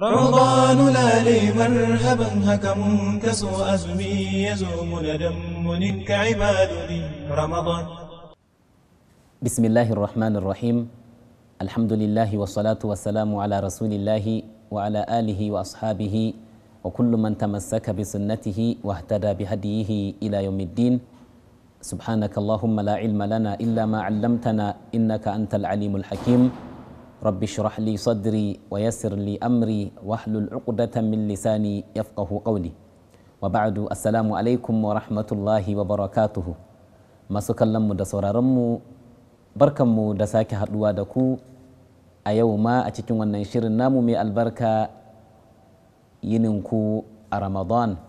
رمضان لا لي مرهبا هكم كسو أزمي يزوم لدم عبادني رمضان بسم الله الرحمن الرحيم الحمد لله والصلاة والسلام على رسول الله وعلى آله وأصحابه وكل من تمسك بسنته واهتدى بهديه إلى يوم الدين سبحانك اللهم لا علم لنا إلا ما علمتنا إنك أنت العليم الحكيم rabbi shrah li sadri wa yassir li amri wahlul uqdatan min lisani yafqahu qawli wa ba'du assalamu alaikum wa rahmatullahi wa barakatuhu masu kallon mu da sauraron mu barkan mu da sake haɗuwa da ku a yau ma a cikin wannan shirin namu mai albarka yininku a Ramadan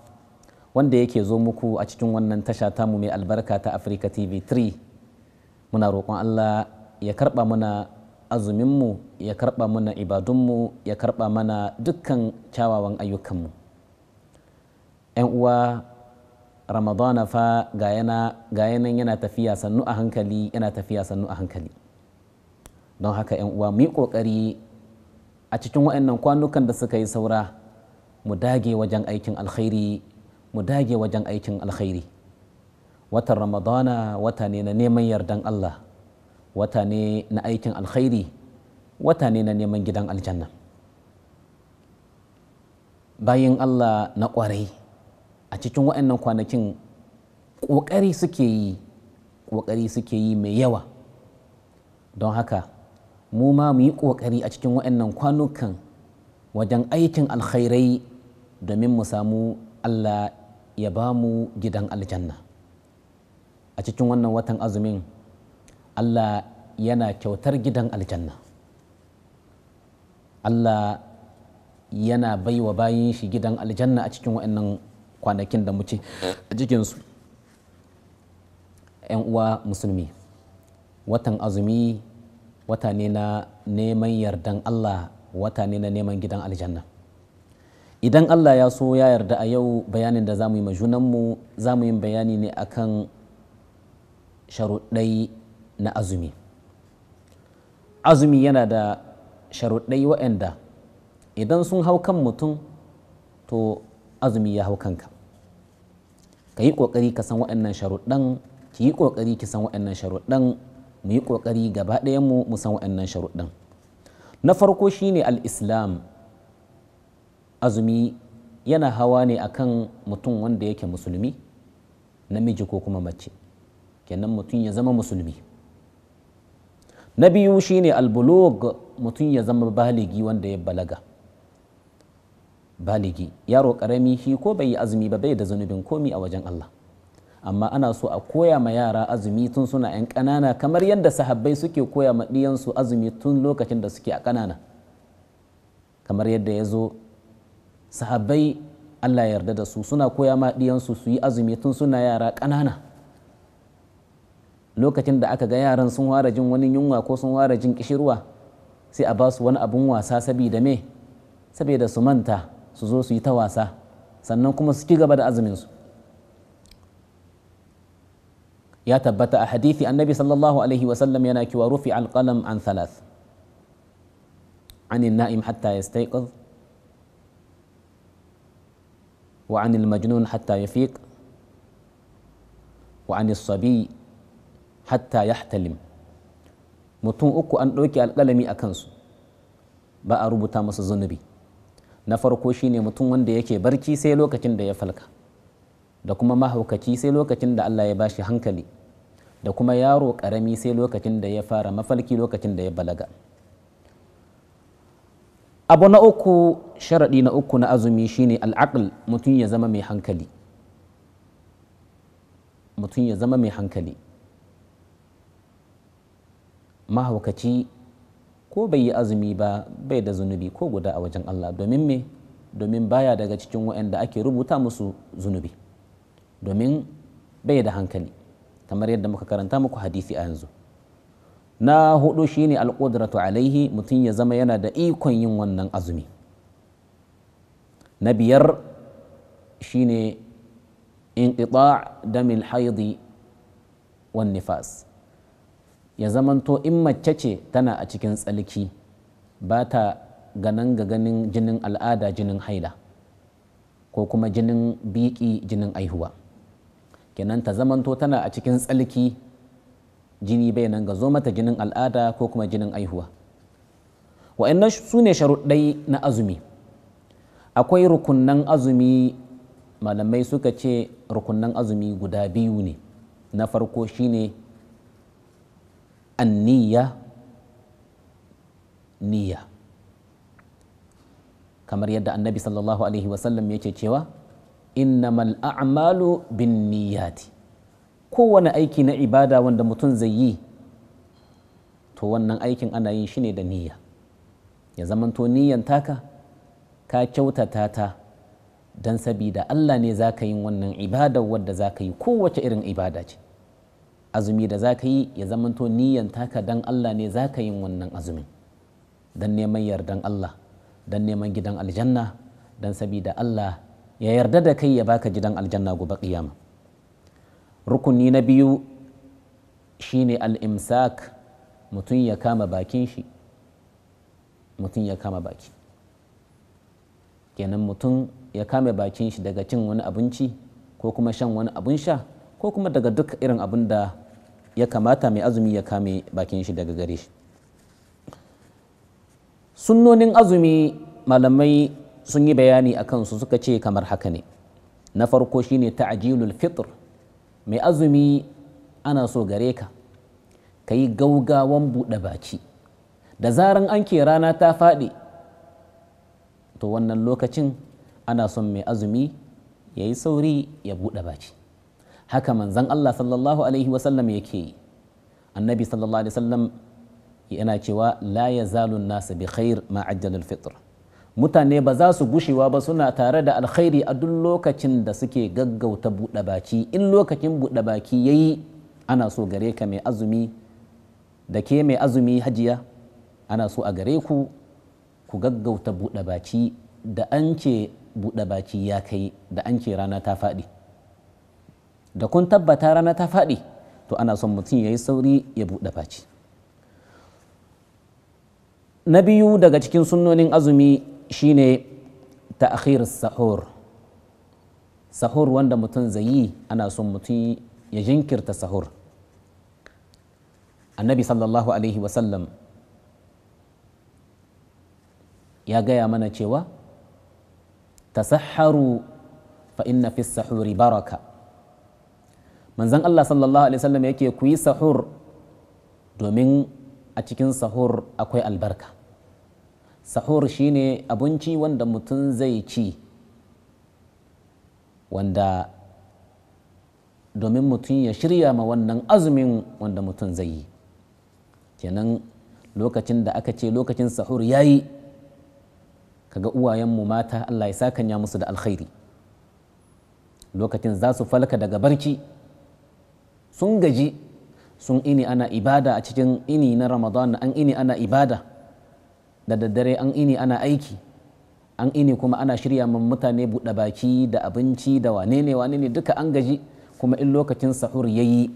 wanda yake zo muku a cikin wannan tasha ta mu mai albarka ta Africa TV 3 muna roƙon Allah ya karɓa mana azuminmu ya karɓa mana ibadunmu ya karɓa mana dukkan kyawawan ayyukanmu ‘yan uwa ramadana fa ga yanan yana tafiya sannu a hankali yana tafiya sannu a hankali don haka ‘yan uwa mu yi ƙoƙari a cikin waɗannan kwanukan da suka yi saura mu dage wajen aikin alkhairi mu dage wajen aikin alkhairi watan ramadana wata ne na neman yardan allah wata ne na aikin alkhairi wata ne na neman gidan aljanna bayan allah na kwarai a cikin waɗannan kwanakin ƙoƙari suke yi ƙoƙari suke yi mai yawa don haka mu ma mu yi ƙoƙari a cikin waɗannan kwanukan wajen aikin alkhairai domin mu samu allah ya ba mu gidan aljanna a cikin wannan watan azumin Allah yana kyautar gidan aljanna Allah yana baiwa bayan shi gidan aljanna a cikin waɗannan kwanakin da muke a jikinsu uwa musulmi watan azumi wata ne na neman yardan Allah wata ne na neman gidan aljanna idan Allah ya so ya yarda a yau bayanin da za mu yi ma junanmu za mu yi bayani ne akan sharuɗai na azumi azumi yana da sharuɗai waɗanda idan sun hau kan mutum to azumi ya hau kanka ka yi ƙoƙari ka san waɗannan sharuɗan ki yi ƙoƙari ki san waɗannan sharuɗan mu yi ƙoƙari gaba ɗayanmu mu san waɗannan sharuɗan na farko shine al-islam azumi yana hawa ne akan mutum wanda yake musulmi namiji ko kuma mace kenan mutum ya zama musulmi na biyu shine albulog mutum ya zama baligi wanda ya balaga baligi yaro karami shi ko bai yi azumi ba bai da zunubin komi a wajen Allah amma ana so a koya ma yara azumi tun suna 'yan kanana kamar yadda sahabbai suke koya ma ɗiyansu azumi tun lokacin da suke a ƙanana kamar yadda ya zo sahabbai Allah yarda da su suna koya ma ɗiyansu su yi azumi tun suna yara ƙanana lokacin da aka ga yaran sun fara jin wani yunwa ko sun fara jin kishirwa sai a ba su wani abun wasa saboda me saboda su manta su zo su yi ta wasa sannan kuma su ci gaba da azumin su ya tabbata a hadithi annabi sallallahu alaihi wasallam yana kiwa rufi alqalam an thalath عن النائم حتى يستيقظ وعن المجنون حتى يفيق وعن الصبي hatta ya talim mutum uku an ɗauki alƙalami a kansu ba a rubuta masa zunubi na farko shine mutum wanda yake barci sai lokacin da ya falka da kuma mahaukaci sai lokacin da Allah ya bashi hankali da kuma yaro ƙarami sai lokacin da ya fara mafalki lokacin da ya balaga abu na uku sharaɗi na uku na azumi shine al'aql mutum mutum ya zama mai hankali mahaukaci ko bai yi azumi ba bai da zunubi ko guda a wajen Allah domin me domin baya daga cikin waɗanda ake rubuta musu zunubi domin bai da hankali kamar yadda muka karanta muku hadisi a yanzu na hudu shine alƙudratu alaihi mutum ya zama yana da ikon yin wannan azumi na biyar shine inqita' damil haidi wan nifas ya zamanto in mace ce tana a cikin tsalki ba ta ganin ga ganin jinin al'ada jinin haila ko kuma jinin biki jinin aihuwa kenan ta zamanto tana a cikin tsalki jini bai nan ga zo mata jinin al'ada ko kuma jinin aihuwa wa'annan su ne sharuɗai na azumi akwai rukunan azumi malamai suka ce rukunan azumi guda biyu ne na farko shine ne anniya niya kamar yadda annabi sallallahu alaihi wasallam yake cewa innamal a'malu bin niyyati kowane aiki na ibada wanda mutum zai yi to wannan aikin ana yin shi ne da niyya ya zamanto niyyan taka ka kyautata ta don sabida Allah ne zaka yin wannan ibadar wanda zaka yi kowace irin ibada ce azumi da za ka yi ya zamanto niyan taka dan Allah ne za ka yin wannan azumi dan neman yardan Allah dan neman gidan aljanna dan sabida Allah ya yarda da kai ya baka gidan aljanna gobe kiyama rukuni na biyu shine al-imsak mutum ya kama bakin shi mutum ya kama baki kenan mutum ya kame bakin shi daga cin wani abinci ko kuma shan wani abun sha ko kuma daga duk irin abin da ya kamata mai azumi ya kame bakin shi daga gare shi sunnonin azumi malamai sun yi bayani a kansu suka ce kamar haka ne na farko shine ta fitr mai azumi ana so gare ka ka yi gaugawan buɗe baki da zaran an ke rana ta faɗi to wannan lokacin ana son mai azumi ya yi sauri ya buɗe baki haka manzon Allah sallallahu alaihi wasallam yake yi annabi sallallahu alaihi wasallam yana cewa la yazalu nasu bi khair ma fitr mutane ba za su gushewa ba suna tare da alkhairi a duk lokacin da suke gaggauta buɗe baki in lokacin buɗe baki yayi ana so gare ka mai azumi da ke mai azumi hajiya ana so a gare ku ku gaggauta buɗe baki da an ce buɗe baki ya kai da an ce rana ta faɗi da kun tabbata rana ta faɗi to ana son mutum ya yi sauri ya buɗe faci na biyu daga cikin sunnonin azumi shine ta sahur sahur wanda mutum zai yi ana son mutum ya jinkirta sahur annabi sallallahu alaihi wasallam ya gaya mana cewa tasahharu fa inna fi sahuri baraka manzan Allah sallallahu alaihi wasallam yake ku yi sahur domin a cikin sahur akwai albarka sahur shine abinci wanda mutum zai ci wanda domin mutum ya shirya ma wannan azumin wanda mutum zai yi kenan lokacin da aka ce lokacin sahur yayi kaga uwayenmu mata Allah ya sakanya musu da alkhairi lokacin za su falka daga barci sun gaji sun ini ana ibada a cikin ini na ramadan an ini ana ibada da daddare an ini ana aiki an ini kuma ana shirya man mutane buɗe baki da abinci da wane ne wane ne duka an gaji kuma in lokacin sahur ya yi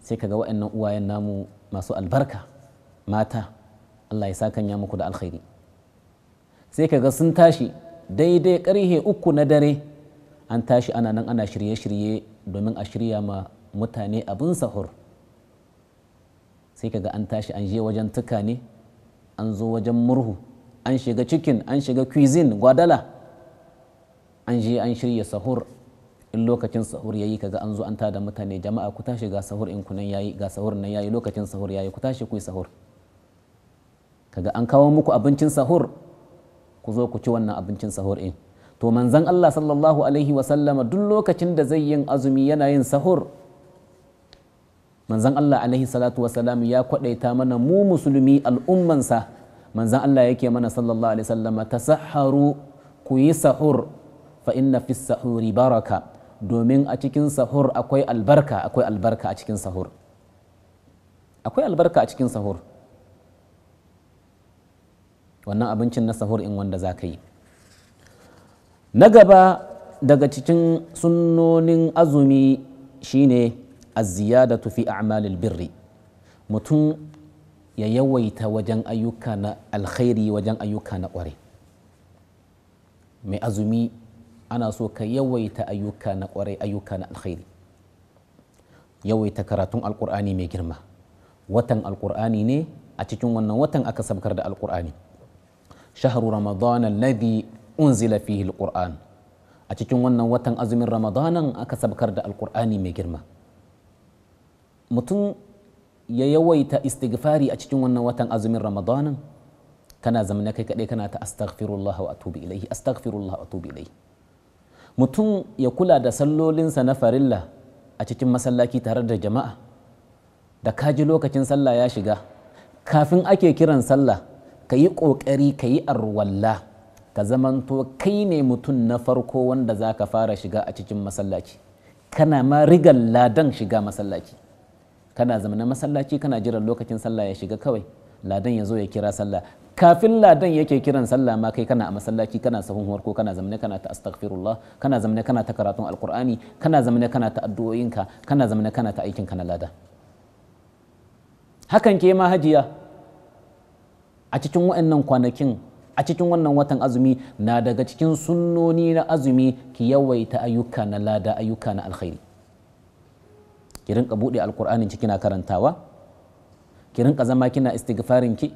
sai kaga waɗannan uwayen namu masu albarka mata Allah ya sa ya muku da alkhairi sai kaga sun tashi daidai karhe uku na dare an tashi ana nan ana shirye-shirye domin a shirya ma mutane abin sahur sai kaga an tashi an je wajen tuka ne an zo wajen murhu an shiga cikin an shiga cuisine gwadala an je an shirya sahur in lokacin sahur yayi kaga an zo an tada mutane jama'a ku tashi ga sahur in kunan yayi ga sahur nan yayi lokacin sahur yayi ku tashi ku yi sahur kaga an kawo muku abincin sahur ku zo ku ci wannan abincin sahur in to manzon Allah sallallahu alaihi wa sallama duk lokacin da zai yin azumi yana yin sahur manzan Allah alaihi salatu wasalam ya kwadaita mana mu musulmi al'ummansa manzan Allah yake mana sallallahu alaihi sallama tasahharu ku yi sahur fa inna fi sahuri baraka domin a cikin sahur akwai albarka akwai albarka a cikin sahur akwai albarka a cikin sahur wannan abincin na sahur in wanda za ka yi na gaba daga cikin sunnonin azumi shine az-ziyadatu fi a'malil birri mutum ya yawaita wajen ayyuka na alkhairi wajen ayyuka na ƙware mai azumi ana so ka yawaita ayyuka na ƙware ayyuka na alkhairi yawaita karatun alkur'ani mai girma watan alkur'ani ne a cikin wannan watan aka sabkar da alkur'ani shahru ramadana alladhi unzila fihi alkur'an a cikin wannan watan azumin ramadanan aka sabkar da alkur'ani mai girma mutum ya yawaita istighfari a cikin wannan watan azumin ramadanin kana zamana kai kaɗai kana ta astaghfirullah wa atubu ilaihi astaghfirullah wa atubu ilaihi mutum ya kula da sallolinsa na farilla a cikin masallaki tare da jama'a da kaji lokacin sallah ya shiga kafin ake kiran sallah ka yi ƙoƙari ka yi arwalla ka zamanto kai ne mutum na farko wanda za ka fara shiga a cikin masallaci kana ma rigar ladan shiga masallaci kana zama masallaci kana jiran lokacin sallah ya shiga kawai ladan ya zo ya kira sallah kafin ladan yake kiran sallah ma kai kana a masallaci kana sahun warko kana zamne kana ta astaghfirullah kana zamne kana ta karatun alqur'ani kana zamne kana ta addu'o'inka kana zamne kana ta aikin na lada hakan ke ma hajiya a cikin wa'annan kwanakin a cikin wannan watan azumi na daga cikin sunnoni na azumi ki yawaita ayyuka na lada ayyuka na alkhairi ki rinka buɗe alƙur'anin ki kina karantawa ki rinka zama kina istighfarin ki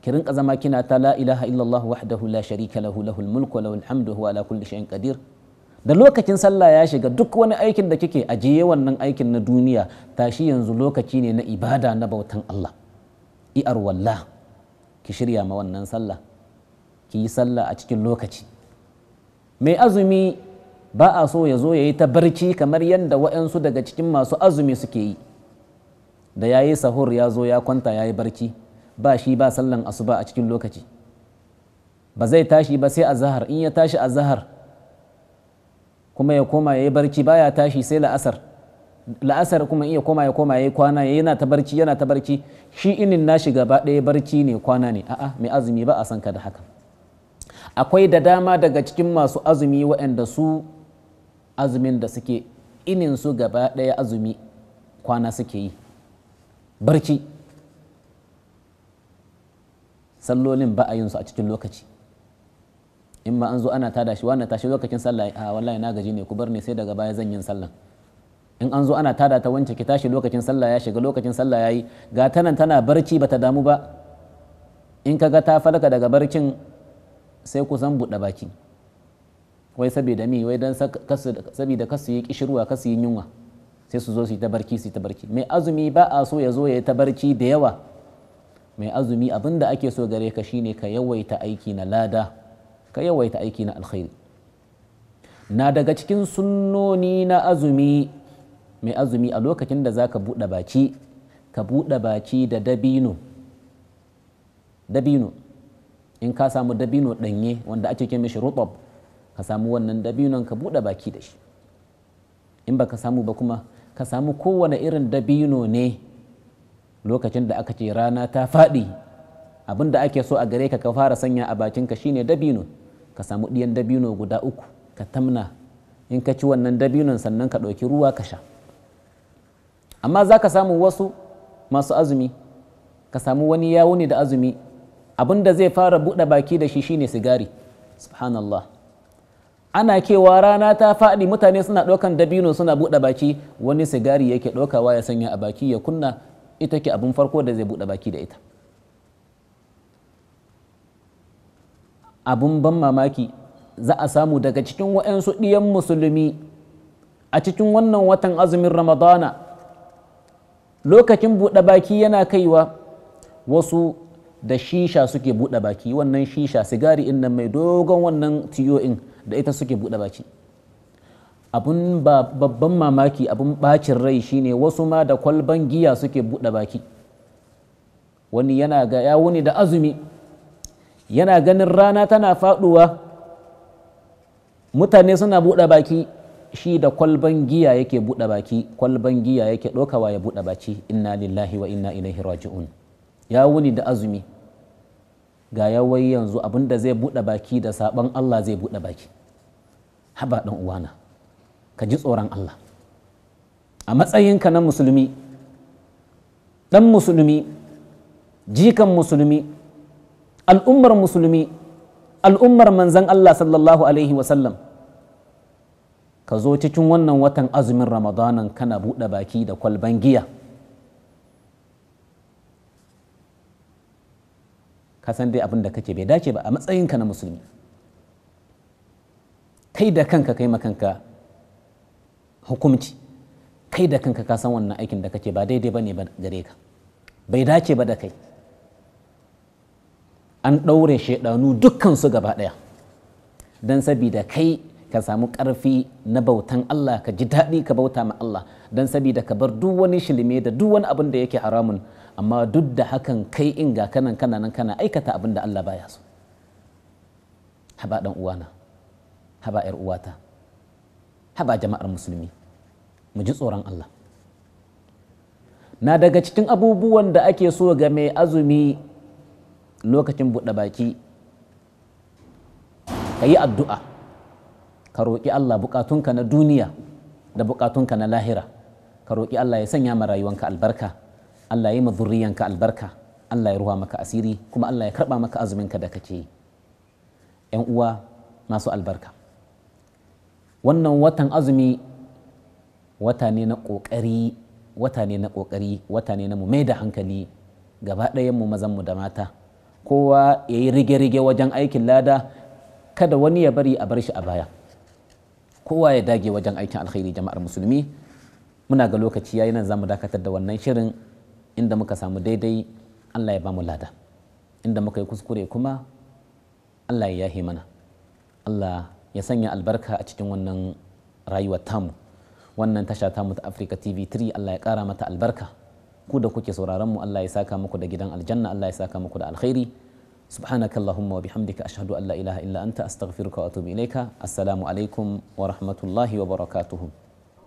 ki rinka zama kina ta la ilaha illallah wahdahu la sharika lahu lahul mulku wa lahul hamdu huwa ala kulli shay'in qadir da lokacin sallah ya shiga duk wani aikin da kike ajiye wannan aikin na duniya tashi yanzu lokaci ne na ibada na bautan Allah i'ar wallah ki shirya ma wannan sallah ki yi sallah a cikin lokaci mai azumi ba a so ya zo ya yi ta barci kamar yadda waɗansu daga cikin masu azumi suke yi da ya yi sahur ya zo ya kwanta ya yi barci ba shi ba sallan asuba a cikin lokaci ba zai tashi ba sai azahar in ya tashi azahar kuma ya koma ya yi barci Ba ya tashi sai la'asar la'asar kuma iya koma ya koma ya yi kwana ya yana ta barci yana ta barci shi inin nashi gaba ɗaya barci ne kwana ne a'a mai azumi ba a san ka da haka akwai da dama daga cikin masu azumi waɗanda su azumin da suke ininsu su gaba ɗaya azumi kwana suke yi barci sallolin ba a yin su a cikin lokaci in ma an zo ana tada shi wannan tashi lokacin sallah a wallahi na gaji ne ku bar ne sai daga baya zan yin sallah in an zo ana tada ta wance ki tashi lokacin sallah ya shiga lokacin sallah yayi ga tanan tana barci bata damu ba in kaga ta falka daga barcin sai kusan buɗe baki wai saboda mi wai dan saboda kasu yi kishirwa kasu yi yunwa sai su zo su yi tabarki su yi tabarki mai azumi ba a so ya zo ya yi tabarki da yawa mai azumi abin da ake so gare ka shine ka yawaita aiki na lada ka yawaita aiki na alkhairi na daga cikin sunnoni na azumi mai azumi a lokacin da zaka buɗe baki ka buɗe baki da dabino dabino in ka samu dabino ɗanye wanda ake kira mishi ka samu wannan dabinon ka buɗe baki da shi in ba ka samu ba kuma ka samu kowane irin dabino ne lokacin da aka ce rana ta faɗi abin da ake so a gare ka ka fara sanya a bakin ka shine dabino ka samu ɗiyan dabino guda uku ka tamna in ka ci wannan dabinon sannan ka ɗauki ruwa ka sha amma za ka samu wasu masu azumi ka samu wani yawo ne da azumi abin da zai fara buɗe baki da shi shine sigari subhanallah ana kewa rana ta faɗi mutane suna ɗaukan dabino suna buɗe baki wani sigari yake ɗaukawa ya sanya a baki ya kunna ita ke abin farko da zai buɗe baki da ita abun ban mamaki za a samu daga cikin waɗansu ɗiyan musulmi a cikin wannan watan azumin ramadana lokacin buɗe baki yana kaiwa wasu da shisha suke buɗe baki wannan shisha sigari in mai dogon wannan tiyo'in. da ita suke buɗe baki abun babban mamaki abun bacin rai shine wasu ma da kwalban giya suke buɗe baki wani yana ga ya wuni da azumi yana ganin rana tana faɗuwa mutane suna buɗe baki shi da kwalban giya yake buɗe baki kwalban giya yake ɗaukawa ya buɗe baki inna lillahi wa inna ilaihi raji'un ya wuni da azumi ga yawai yanzu abinda zai buɗe baki da sabon Allah zai buɗe baki haba ɗan uwana ka ji tsoron Allah a matsayinka na musulmi ɗan musulmi jikan musulmi al'ummar musulmi al'ummar manzan Allah sallallahu alaihi wasallam ka zo cikin wannan watan azumin ramadanan kana buɗe baki da kwalban giya ka san dai abin da kake bai dace ba a matsayinka na musulmi kai da kanka kai makanka hukumci kai da kanka kasan san wannan aikin da kake ba daidai ba ne gare ka bai dace ba da kai an ɗaure shaidanu dukkansu gaba ɗaya don sabida kai ka samu ƙarfi na bautan Allah ka ji daɗi ka bauta ma Allah don sabida ka bar duk wani shilme da duk wani abin da yake haramun amma duk da hakan kai in ga kanan kana nan kana aikata abin da Allah baya so haba dan uwana haba ‘yar uwata haba jama'ar musulmi mu ji tsoron Allah na daga cikin abubuwan da ake so ga mai azumi lokacin buɗe baki ka yi addu'a ka roƙi Allah buƙatunka na duniya da buƙatunka na lahira ka roƙi Allah ya sanya ma rayuwanka albarka Allah ya yi mazurriyanka albarka Allah ya ruwa maka asiri kuma Allah ya karɓa maka azuminka da kake yi ‘yan uwa masu albarka wannan watan azumi wata ne na ƙoƙari wata ne na ƙoƙari wata ne na mu mai da hankali gaba mu mazan mu da mata kowa ya yi rige-rige wajen aikin lada kada wani ya bari a bar shi a baya kowa ya dage wajen aikin alkhairi jama'ar musulmi muna ga lokaci yayi nan zamu dakatar da wannan shirin inda muka samu daidai Allah ya bamu lada inda muka yi kuskure kuma Allah ya yahi mana Allah ya sanya albarka a cikin wannan rayuwar tamu wannan tasha tamu ta Africa TV 3 Allah ya kara mata albarka ku da kuke sauraron mu Allah ya saka muku da gidan aljanna Allah ya saka muku da alkhairi subhanakallahumma wa bihamdika ashhadu an la ilaha illa anta astaghfiruka wa atubu ilayka assalamu alaikum wa rahmatullahi wa barakatuh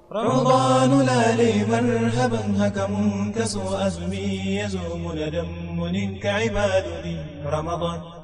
رمضان لا لي مرهبا هكم كسو أزمي يزوم لدم منك عبادني رمضان